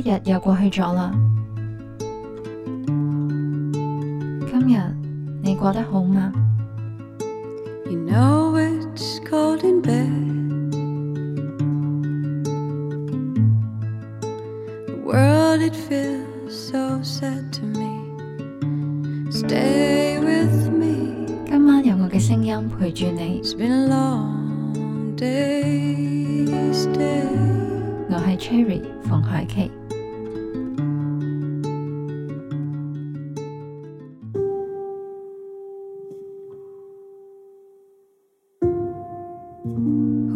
一日又過去咗啦，今日你過得好嗎？今晚有我嘅聲音陪住你。It's been long days, stay. 我係 Cherry 馮凱淇。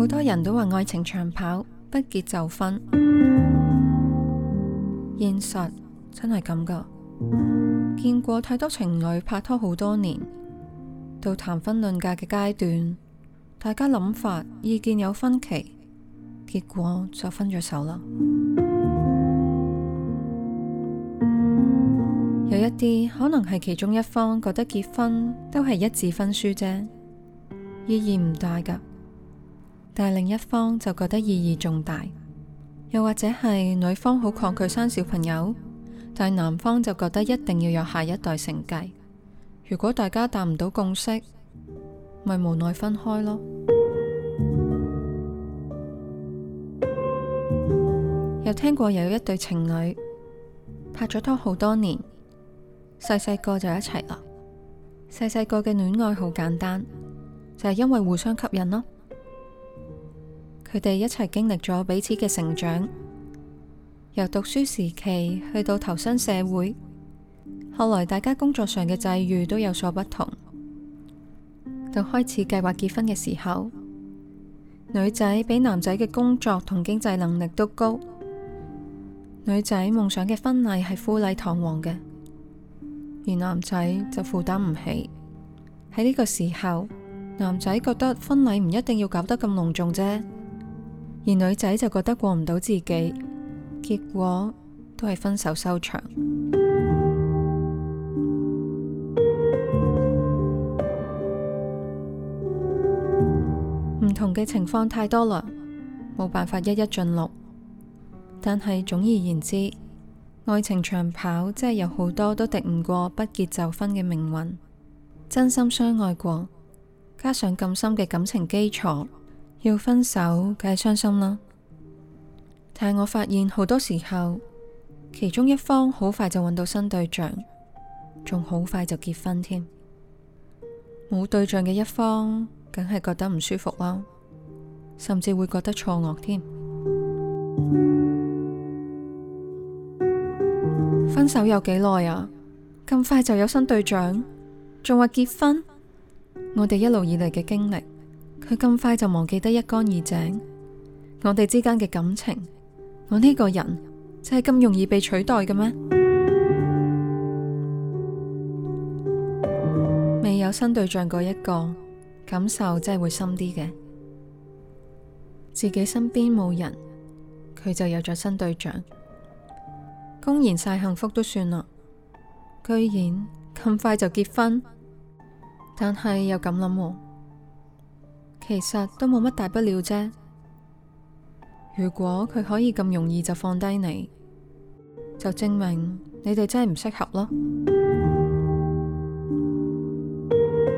好多人都話愛情長跑，不結就分，現實真係咁噶。見過太多情侶拍拖好多年，到談婚論嫁嘅階段，大家諗法意見有分歧，結果就分咗手啦。有一啲可能係其中一方覺得結婚都係一紙婚書啫，意義唔大噶。但另一方就覺得意義重大，又或者係女方好抗拒生小朋友，但男方就覺得一定要有下一代承繼。如果大家達唔到共識，咪無奈分開咯。 又聽過有一對情侶拍咗拖好多年，細細個就一齊啦。細細個嘅戀愛好簡單，就係因為互相吸引咯。佢哋一齊經歷咗彼此嘅成長，由讀書時期去到投身社會，後來大家工作上嘅際遇都有所不同。到開始計劃結婚嘅時候，女仔比男仔嘅工作同經濟能力都高，女仔夢想嘅婚禮係富麗堂皇嘅，而男仔就負擔唔起。喺呢個時候，男仔覺得婚禮唔一定要搞得咁隆重啫。而女仔就覺得過唔到自己，結果都係分手收場。唔 同嘅情況太多啦，冇辦法一一盡錄。但係總而言之，愛情長跑真係有好多都敵唔過不結就分嘅命運。真心相愛過，加上咁深嘅感情基礎。要分手，梗係傷心啦。但係我發現好多時候，其中一方好快就揾到新對象，仲好快就結婚添。冇對象嘅一方，梗係覺得唔舒服啦，甚至會覺得錯愕添。分手有幾耐啊？咁快就有新對象？仲話結婚？我哋一路以嚟嘅經歷。佢咁快就忘記得一乾二淨？我哋之間嘅感情，我呢個人真係咁容易被取代嘅咩？ 未有新對象嗰一個，感受真係會深啲嘅。自己身邊冇人，佢就有咗新對象，公然晒幸福都算啦，居然咁快就結婚，但係又咁諗喎。其實都冇乜大不了啫。如果佢可以咁容易就放低你，就證明你哋真係唔適合咯。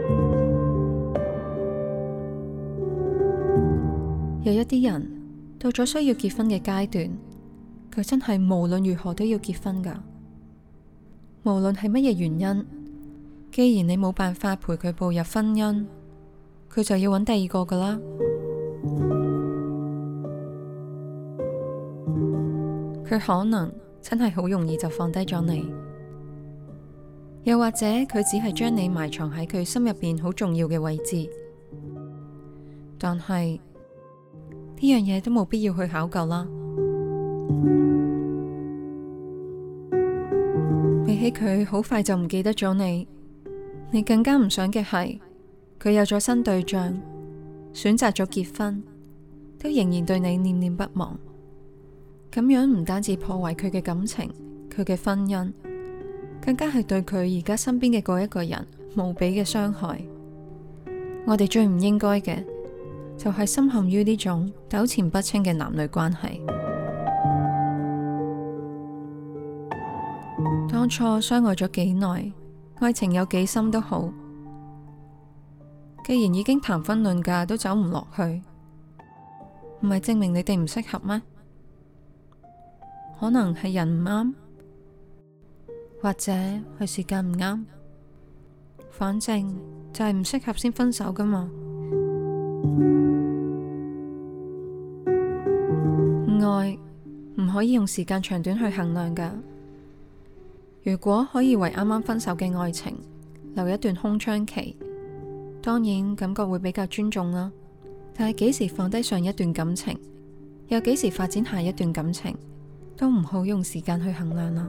有一啲人，到咗需要結婚嘅階段，佢真係無論如何都要結婚㗎。無論係乜嘢原因，既然你冇辦法陪佢步入婚姻。佢就要揾第二個㗎啦，佢可能真係好容易就放低咗你，又或者佢只係將你埋藏喺佢心入邊好重要嘅位置，但係呢樣嘢都冇必要去考究啦。比起佢好快就唔記得咗你，你更加唔想嘅係。佢有咗新對象，選擇咗結婚，都仍然對你念念不忘。咁樣唔單止破壞佢嘅感情，佢嘅婚姻，更加係對佢而家身邊嘅嗰一個人無比嘅傷害。我哋最唔應該嘅，就係深陷於呢種糾纏不清嘅男女關係。當初相愛咗幾耐，愛情有幾深都好。既然已經談婚論嫁都走唔落去，唔係證明你哋唔適合咩？可能係人唔啱，或者係時間唔啱，反正就係唔適合先分手㗎嘛。愛唔可以用時間長短去衡量㗎。如果可以為啱啱分手嘅愛情留一段空窗期，當然感覺會比較尊重啦，但係幾時放低上一段感情，又幾時發展下一段感情，都唔好用時間去衡量啦。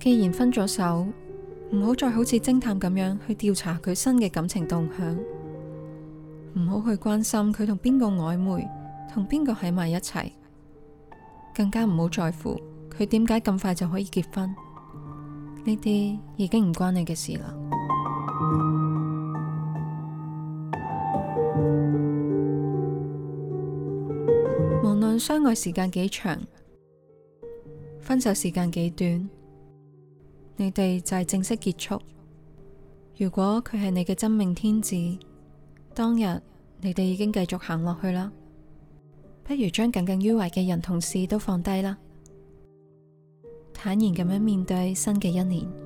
既然分咗手，唔好再好似偵探咁樣去調查佢新嘅感情動向，唔好去關心佢同邊個曖昧，同邊個喺埋一齊，更加唔好在乎佢點解咁快就可以結婚。呢啲已經唔關你嘅事啦。相愛時間幾長，分手時間幾短，你哋就係正式結束。如果佢係你嘅真命天子，當日你哋已經繼續行落去啦。不如將耿耿於懷嘅人同事都放低啦，坦然咁樣面對新嘅一年。